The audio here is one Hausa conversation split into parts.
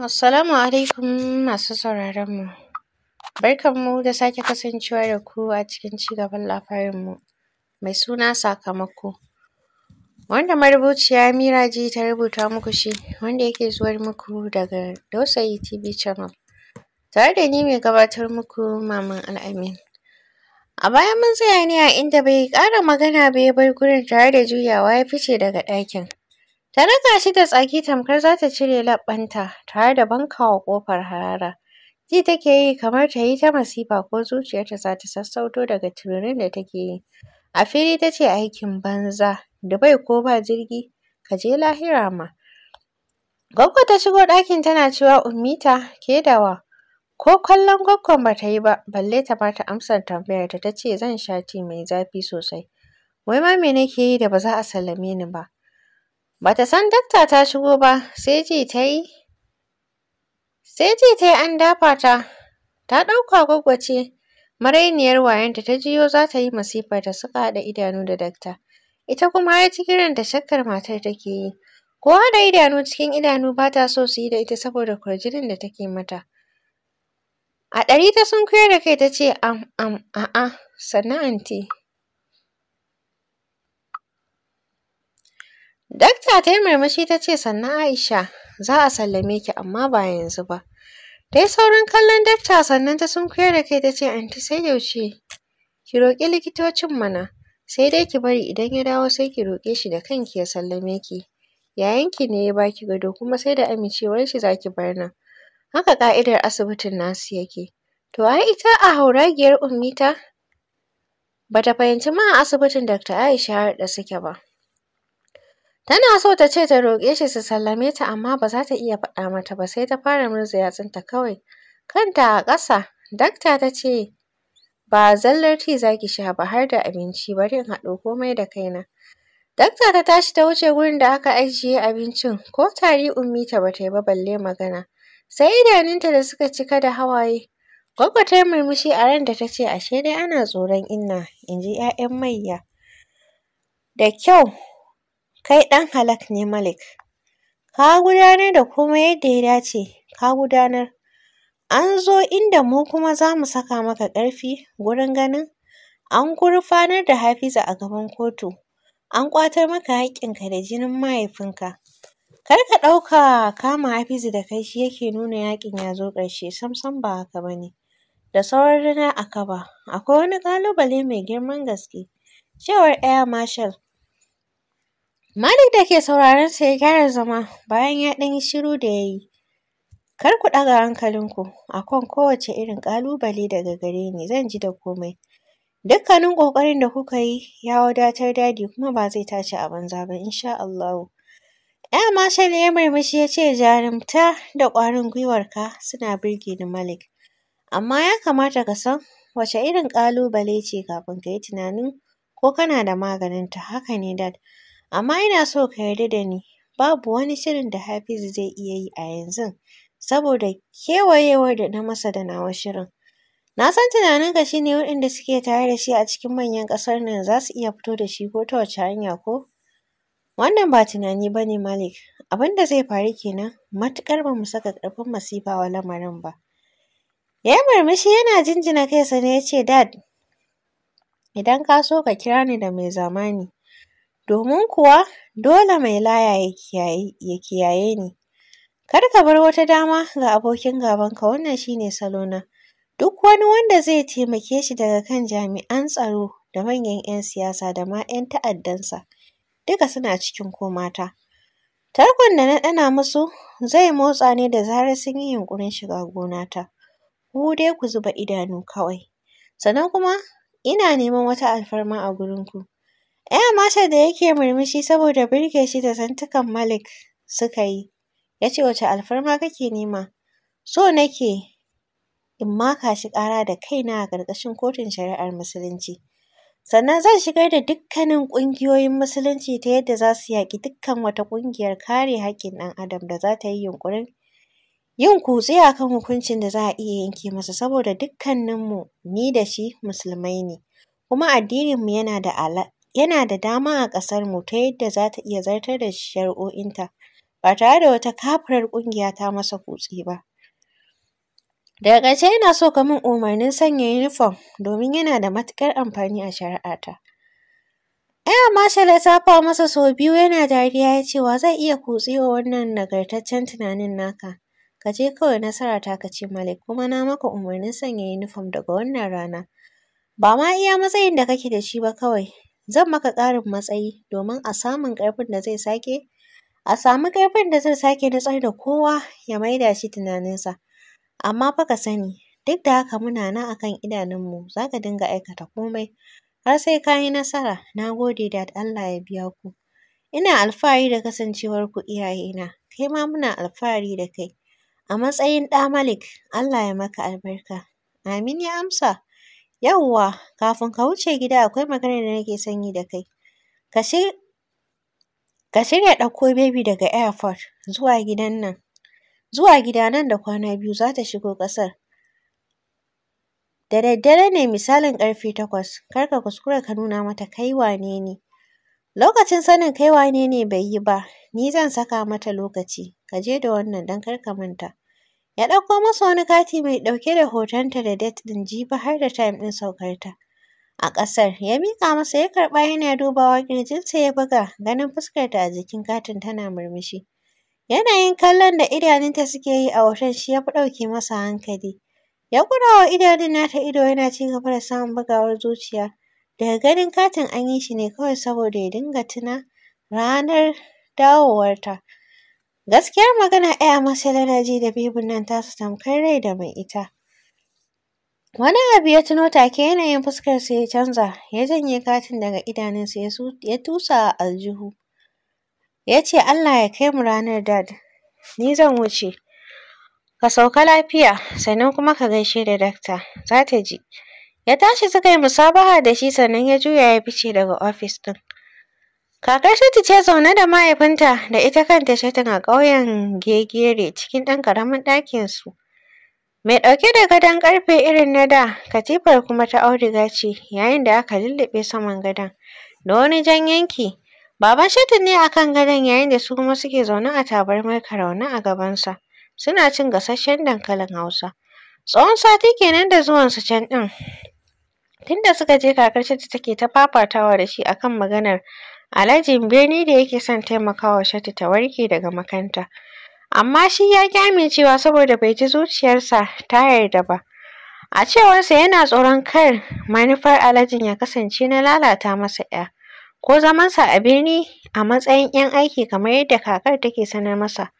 Assalamu alaikum masu sauraron mu. Barkan mu da sake kasancewa da ku a cikin cigaban labarin mu mai suna sakamako. Wanda marubuciya Miraji ta rubuta muku shi wanda yake zuwar muku daga Dausayi TV Channel. Tare da ni mai gabatar muku Maman Al'amin. A baya mun tsaya ne a inda bai ƙara magana ba ya bar gurin tare da juyawa ya fice daga ɗakin. Ta raka shi da tsaki tamkar za ta cire labbanta tare da bankawa ƙofar harara. Ji take yi kamar ta yi ta masifa ko zuciyarta za ta sassauto daga tururin da take yi. A fili ta ce aikin banza, da bai ko ba jirgi, ka je lahira ma. Gwaggo ta shigo ɗakin tana cewa Ummita ke dawa. Ko kallon gwaggon ba ta yi ba, balle ta ma ta amsar tambayarta ta ce zan sha tea mai zafi sosai. Wai ma me nake yi da ba za a sallame ni ba? Bata san dakta ta shigo ba, sai ji ta yi. Sai ji ta yi an dafa ta, ta ɗauka gwaggwace, marainiyar wayanta ta jiyo za ta yi masifar ta suka haɗa idanu da dakta. Ita kuma ya har kiran da shakkar matar take yi. Ko haɗa idanu cikin idanu ba ta so su yi da ita saboda kwarjinin da take mata. A ɗari ta sun sunkuyar da kai ta ce am am a'a sannan anti. Dakta ta yi murmushi ta ce sannan Aisha za a sallame ki amma ba yanzu ba. Ta yi saurin kallon dakta sannan ta sunkuyar da kai ta ce anti sai yaushe ki roƙi likitocin mana sai dai ki bari idan ya dawo sai ki roƙe shi da kanki ya sallame ki. Yayanki ne ya baki gado kuma sai da amincewar shi za ki bar nan. Haka ƙa'idar asibitin nasu yake. To ai ita a hauragiyar Ba ta fahimci ma a asibitin Dr. Aisha har da suke ba. Tana so ta ce ta roƙe shi su sallame ta amma ba za ta iya faɗa mata ba sai ta fara murza yatsunta kawai. Kanta a ƙasa, dakta ta ce ba zallar ti za ki sha ba har da abinci bari in haɗo komai da kaina. Dakta ta tashi ta wuce wurin da aka ajiye abincin ko tari ummi ta bata yi ba balle magana. Sai idanunta da suka cika da hawaye. Gwaggo ta yi murmushi a ran da ta ce ashe dai ana tsoron inna in ji ‘ya'yan mayya. Da kyau kai ɗan halak ne Malik. Ka gudanar da kuma yadda ya dace, ka gudanar. An zo inda mu kuma za mu saka maka ƙarfi gurin ganin an gurfanar da Hafiza a gaban kotu, an ƙwatar maka haƙƙinka da jinin mahaifinka. Kar ka ɗauka kama Hafizu da kai shi yake nuna yaƙin ya zo ƙarshe, sam ba haka ba ne. da sauran rina a kaba. Akwai wani ƙalubale mai girman gaske, cewar Air Marshal Malik da ke sauraron sa ya gyara zama bayan ya ɗan yi shiru da ya yi. Kar ku ɗaga hankalinku a kan kowace irin ƙalubale daga gare ni zan ji da komai. Dukkanin ƙoƙarin da kuka yi ya wadatar dadi kuma ba zai tashi a banza ba insha Allahu. Ɗaya mashal ya murmushi ya ce jarumta da ƙwarin gwiwarka suna birge ni Malik. Amma ya kamata ka san wace irin ƙalubale ce kafin ka yi tunanin ko kana da maganinta, haka ne dad. Amma ina so ka yarda da ni, babu wani shirin da Hafizu zai iya yi a yanzu saboda kewayewar da na masa da nawa shirin. Na san tunaninka shi ne waɗanda suke tare da shi a cikin manyan ƙasar nan za su iya fito da shi ko ta wace hanya ko? Wannan ba tunani ba ne Malik, abin da zai faru kenan matuƙar ba mu saka ƙarfin masifa wa lamarin ba. Ya yi murmushi yana jinjina kai sa ne ya ce, Dad, idan ka so ka kira ni da mai zamani. domin kuwa dole mai laya ya kiyaye ni. Kar ka bar wata dama ga abokin gabanka wannan shi ne na. Duk wani wanda zai taimake shi daga kan jami'an tsaro da manyan 'yan siyasa da ma 'yan ta'addansa, duka suna cikin komata. Tarkon da na ɗana musu zai motsa ne da zarar sun yi yunƙurin shiga gonata. Ku dai ku zuba idanu kawai. Sannan kuma ina neman wata alfarma a gurinku. ‘Yar mata da yake murmushi saboda birge shi da zantukan Malik suka yi, ya ce wace alfarma kake nema? So nake in maka shi ƙara da kaina a ƙarƙashin kotun shari'ar Musulunci. Sannan zan shigar da dukkanin ƙungiyoyin Musulunci ta yadda za su yaƙi dukkan wata ƙungiyar kare haƙƙin ɗan adam da za ta yi yunƙurin yin kutse a kan hukuncin da za a iya yanke masa saboda dukkaninmu ni da shi musulmai ne, kuma addininmu yana da yana da dama a mu ta yadda za ta iya zartar da shari'o'inta ba tare da wata kafirar ƙungiya ta masa kutse ba. Daga ƙarshe yana so ka min umarnin sanya yunifom domin yana da matuƙar amfani a shari'ata. Aya Marshal ya fa masa sau biyu yana dariya ya ce wa zai iya kutse wa wannan nagartaccen tunanin naka. Ka je kawai nasara ta ka ce Malik kuma na maka umarnin sanya yunifom daga wannan rana. Ba ma iya matsayin da kake da shi ba kawai zan maka ƙarin matsayi domin a samun ƙarfin da zai sake a samu ƙarfin da zai sake nutsar da kowa ya maida shi tunaninsa. Amma fa ka sani duk da haka muna nan akan idanunmu za ka dinga aikata komai har sai ka yi nasara. Na gode da Allah ya biya ku. Ina alfahari da kasancewarku iyayena, kai ma muna alfahari da kai. A matsayin ɗa Malik, Allah ya maka albarka. Amin ya amsa. yauwa kafin ka wuce gida akwai maganar da nake son yi da kai. Ka shirya ɗauko Baby daga airport zuwa gidan nan. Zuwa gida nan da kwana biyu za ta shigo ƙasar. Da daddare ne misalin ƙarfe takwas, kar ka kuskura ka nuna mata kai wane ne. Lokacin sanin kai wane ne bai yi ba, ni zan saka mata lokaci. Ka je da wannan don kar ka manta. Ya ɗauko masa wani kati mai ɗauke da hotonta da date ɗin jibi har da time ɗin saukarta. A ƙasar, ya miƙa masa ya karɓa yana dubawa ƙirjinsa ya buga ganin fuskarta a jikin katin tana murmushi. Yanayin kallon da idanunta suke yi a hoton shi ya fi ɗauke masa hankali. Ya ƙura wa idanun nata ido yana ci gaba da samun bugawar zuciya. Daga ganin katin an yi shi ne kawai saboda ya dinga tuna ranar dawowarta. Gaskiyar magana ɗaya, Marcelo na ji da bibin nan ta tasu tamkar rai da mai ita. Wani abu ya tuno take yanayin fuskar fuskarsa ya canza, ya janye katin daga idanunsa ya tusa a aljihu. Ya ce Allah ya kai mu ranar dad, ni zan wuce. Ka sauka lafiya, sannan kuma ka gaishe da dakta, za ta ji. Ya tashi suka yi musabaha da shi sannan ya juya ya fice daga ofis ɗin. Kakar Shatu ce zaune da mahaifinta da ita kanta shatu a ƙauyen Gegere cikin ɗan ƙaramin su Mai ɗauke da gadon ƙarfe irin na da, katifar kuma ta auduga ce yayin da aka lulluɓe saman gadon da wani jan yanki. Baban Shatu ne akan gadon yayin da su kuma suke zaune a tabarmar karauna a gabansa. Suna cin gasasshen dankalin Hausa. Tsawon sati kenan da zuwansu can ɗin. Tunda suka je kakar Shatu take ta fafatawa da shi akan maganar Alajin birni da yake son taimakawa Shatu ta warke daga makanta. Amma shi ya ƙi amincewa saboda bai ji zuciyarsa ta yarda ba. A cewarsa yana tsoron kar manufar alajin ya kasance na lalata masa ‘ya, ko zamansa a birni a matsayin ‘yan aiki kamar yadda kakar take sanar masa.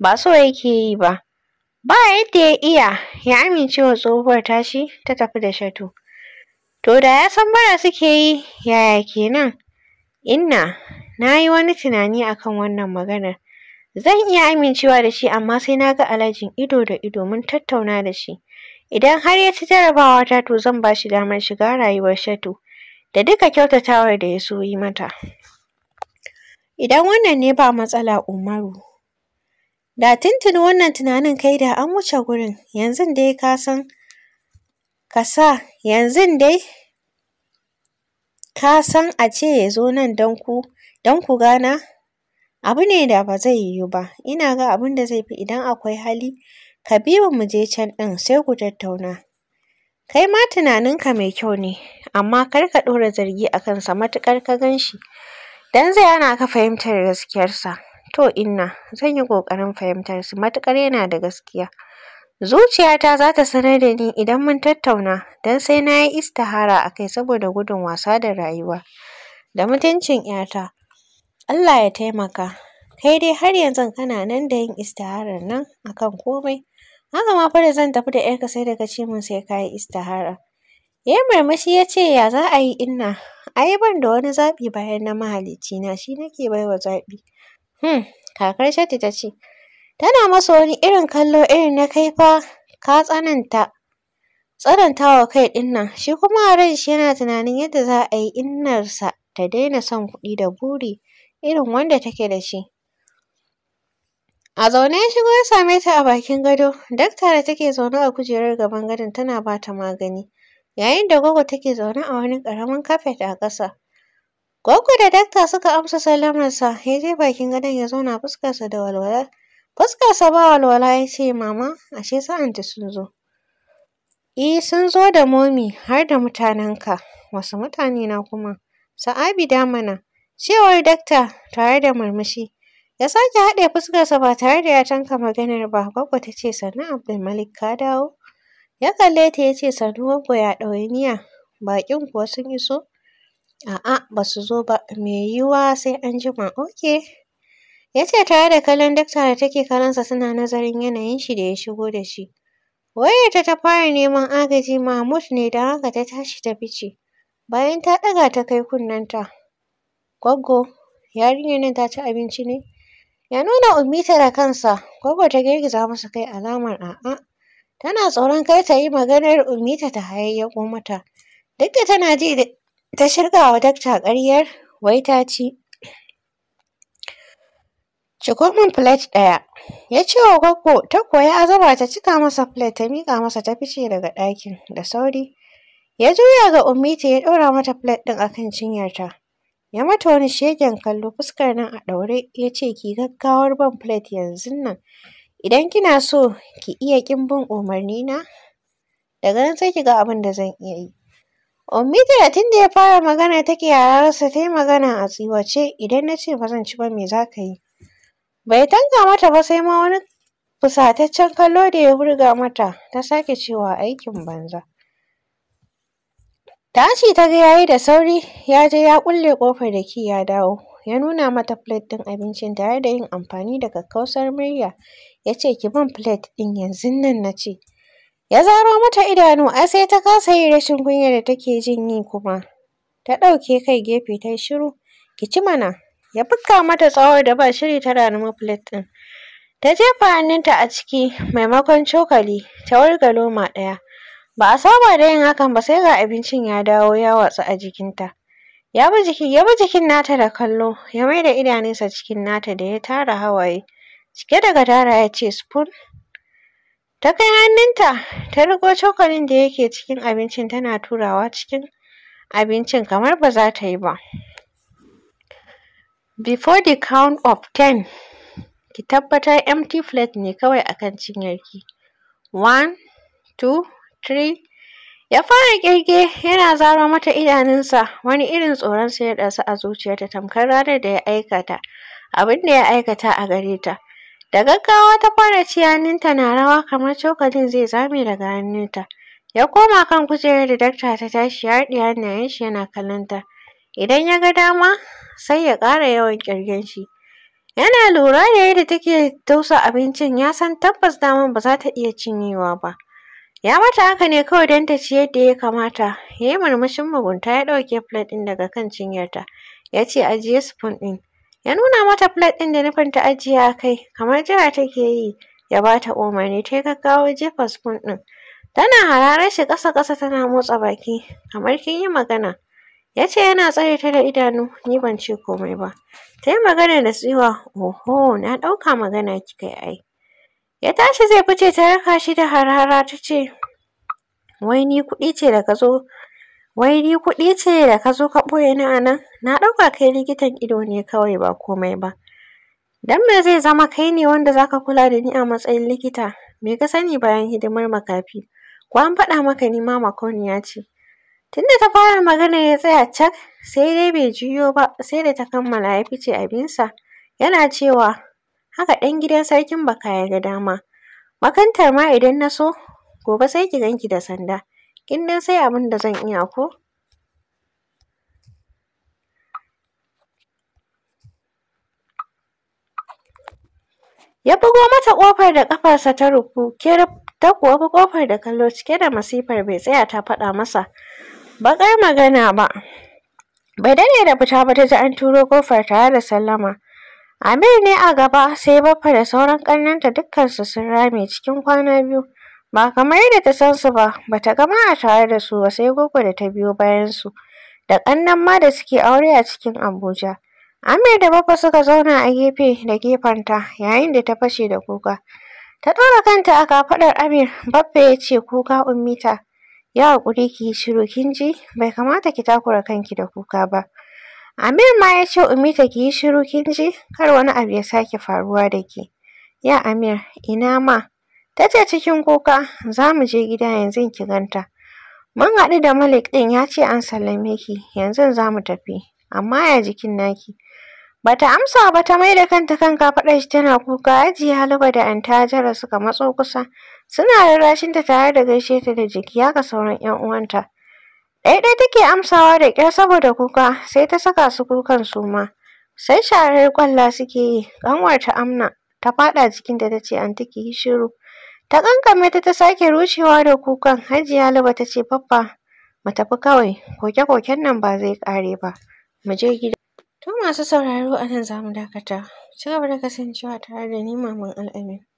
Ba so yake yi ba. Ba yadda ya iya ya amincewa tsohuwar tashi ta tafi da Shatu. To da ya san bara suke yi, yaya kenan? Inna, na yi wani tunani a kan wannan maganar. Zan iya amincewa da shi amma sai na ga Alhajin ido da ido mun tattauna da shi. Idan har ya ci jarabawata to zan ba shi damar shiga rayuwar Shatu da duka kyautatawar da ya so yi mata. Idan wannan ne ba matsala Umaru. Da tuntuni wannan tunanin kai da an wuce gurin, yanzu dai ka san, ka sa, yanzu dai ka san a ce ya zo nan don ku don ku gana abu ne da ba zai yiwu ba ina ga abin da zai fi idan akwai hali Kabiru mu je can ɗin sai ku tattauna kai ma tunaninka mai kyau ne amma kar ka ɗora zargi a kansa matukar ka gan shi don zai ana ka fahimtar gaskiyarsa to inna zan yi ƙoƙarin fahimtar su matukar yana da gaskiya Zuciyata za ta sanar da ni idan mun tattauna don sai na yi istihara a kai saboda gudun wasa da rayuwa da mutuncin ‘yata. Allah ya taimaka. Kai dai har yanzu kana nan da yin istiharar nan a kan komai. Haka ma fa da zan tafi da ‘yarka sai da ka sai ka yi istihara. Ya yi murmushi ya ce ya za a yi inna? Ai ban da wani zaɓi bayan na na, shi nake bai wa zaɓi. Hmm, kakar Shatu ta ce Tana masa wani irin kallo irin na kai fa ka tsananta. Tsananta wa kai ɗin nan, shi kuma a ran shi yana tunanin yadda za a yi innarsa ta daina son kuɗi da buri irin wanda take da shi. A zaune ya shigo ya same ta a bakin gado, dakta da take zaune a kujerar gaban gadon tana ba ta magani, yayin da gogo take zaune a wani ƙaramin kafet a ƙasa. Goggo da dakta suka amsa sallamarsa, ya je bakin gadon ya zauna fuskarsa da walwala. Fuskarsa ba walwala ya ce, Mama, ashe sa'anta sun zo. E, sun zo da momi har da mutanenka. Wasu mutane na kuma. Sa'abida mana, cewar dakta tare da murmushi. Ya sake haɗe fuskarsa ba tare da ya tanka maganar ba. Gwaggo ta ce, Sannu Malik ka dawo? Ya kalle ta ya ce, Sannu Gwaggo ya ɗawainiya? Baƙin kuwa sun iso? A'a, ba su zo ba. Me yiwuwa sai an jima. Oke. Ya ce tare da kallon dakta da take kallonsa suna nazarin yanayin shi da ya shigo da shi. Wayarta ta fara neman agaji Mahmud ne don haka ta tashi ta fice. Bayan ta ɗaga ta kai kunnenta. Gwaggo, yarinyar nan ta ci abinci ne? Ya nuna umita da kansa. Gwaggo ta girgiza masa kai alamar a'a. Tana tsoron kai ta yi maganar umita ta hayayyako mata. Duk da tana ji ta shirga wa dakta ƙaryar wai ta ci. Ciko min plate ɗaya. Ya ce wa Gwaggo ta koyi azaba ta cika masa flat ta miƙa masa ta fice daga ɗakin da sauri. Ya juya ga umiti ya ɗora mata flat ɗin a kan cinyarta. Ya mata wani shegen kallo fuskar nan a ɗaure ya ce ki gaggawar ban plate yanzu nan. Idan kina so ki iya ƙin bin na. daga nan sai ki ga abin da zan iya yi. umiti da tun da ya fara magana take yararsa ta yi magana a tsiwace idan na ce ba zan ci ba me za ka yi? Bai tanka mata ba sai ma wani fusataccen kallo da ya hurga mata ta sake cewa aikin banza. Tashi ta ga yayi da sauri ya je ya kulle kofar da ki ya dawo ya nuna mata plate din abincin tare da yin amfani da kakkausar murya ya ce ki ban plate din yanzu nan na ce. Ya zaro mata idanu ai sai ta kasa yi rashin kunya da take jin yi kuma ta ɗauke kai gefe ta yi shiru ki ci mana ya buga mata tsawon da ba shiri ta rani plate ɗin. Ta jefa hannunta a ciki maimakon cokali ta wurga loma ɗaya. Ba a saba da yin hakan ba sai ga abincin ya dawo ya watsa a jikinta. Ya bi jiki ya bi jikin nata da kallo ya maida idanunsa cikin nata da ya tara hawaye. Cike daga tara ya ce spoon. Ta kai hannunta ta riƙo cokalin da yake cikin abincin tana turawa cikin abincin kamar ba za ta yi ba. Before the count of ten, ki tabbatar empty plate ne kawai a kan cinyarki. One, two, three. Ya fara ƙirge yana zaro mata idanunsa, wani irin tsoron sayar ya ɗasa a ta tamkar ranar da ya aikata, abin da ya aikata a gare ta. Da gaggawa ta fara ciyaninta na rawa kamar cokalin zai zame daga hannunta. Ya koma kan kujerar da dakta ta tashi ya haɗiye hannayen shi yana kallonta. Idan ya ga dama sai ya ƙara yawan ƙirgen shi. Yana lura da yadda take tausa abincin ya san tabbas daman ba za ta iya cinyewa ba. Ya mata haka ne kawai don ta ci yadda ya kamata. Ya yi murmushin mugunta ya ɗauke plate ɗin daga kan cinyarta. Ya ce ajiye spoon ɗin. Ya nuna mata plate ɗin da nufin ta ajiye a kai kamar jira take yi ya ba ta umarni ta yi gaggawa jefa spoon ɗin. Tana hararar shi ƙasa-ƙasa tana motsa baki kamar kin yi magana. Ya ce yana tsare ta da idanu, ni ban ce komai ba. Ta yi magana da tsiwa, oho, na ɗauka magana kika yi ai. Ya tashi zai fice ta raka shi da harara ta ce, wai ni kuɗi ce da ka zo wai ni kuɗi ka zo ɓoye ni a nan? Na ɗauka kai likitan ido ne kawai ba komai ba. Dan me zai zama kai ne wanda za kula da ni a matsayin likita? Me ka sani bayan hidimar makafi? Ko an faɗa maka ni ma ya ce? Tunda ta fara magana ya tsaya cak, sai dai bai juyo ba, sai da ta kammala ya fice abinsa. Yana cewa, haka ɗan gidan sarkin baka ya ga dama. Makantar ma idan na so, gobe sai ki ganki da sanda. Kin dan sai abin da zan iya ko? Ya bugo mata ƙofar da ƙafarsa ta rufu, ta kuwa ƙofar da kallo cike da masifar bai tsaya ta faɗa masa baƙar magana ba bai daɗe da fita ba ta ji an turo kofar tare da sallama Amir ne a gaba sai baffa da sauran ƙannenta dukkansu sun rame cikin kwana biyu ba kamar yadda ta san su ba bata gama a tare da su ba sai gogo da ta biyo bayan su da ƙannan ma da suke aure a cikin Abuja Amir da baffa suka zauna a gefe da gefenta yayin da ta fashe da kuka ta ɗora kanta a kafaɗar Amir baffa ya ce kuka ummita yi haƙuri ki yi shiru kin ji bai kamata ki takura kanki da kuka ba Amir ma ya ce Umita ki yi shiru kin ji kar wani abu ya sake faruwa da ki. ya Amir ina ma ta ce cikin kuka za mu je gida yanzu ki ganta mun haɗu da Malik ɗin ya ce an sallame ki yanzu za mu tafi amma ya jikin naki Bata amsa ba ta mai da kanta kan kafaɗa shi tana kuka ajiye halaba da Antajara suka matso kusa Suna rarrashin ta tare da gaishe ta da jiki haka sauran 'yan uwanta. Ɗaya ɗaya take amsawa da ƙyar saboda kuka sai ta saka su kukan su ma. Sai sharar kwalla suke yi, ƙanwar ta Amna ta faɗa da ta ce anti ki yi shiru. Ta ƙanƙame ta ta sake rushewa da kukan Hajiya laba ta ce faffa. mu tafi kawai koke-koken nan ba zai ƙare ba mu je gida. To masu sauraro a nan za mu dakata. Ci gaba da kasancewa tare da ni Maman Al'amin.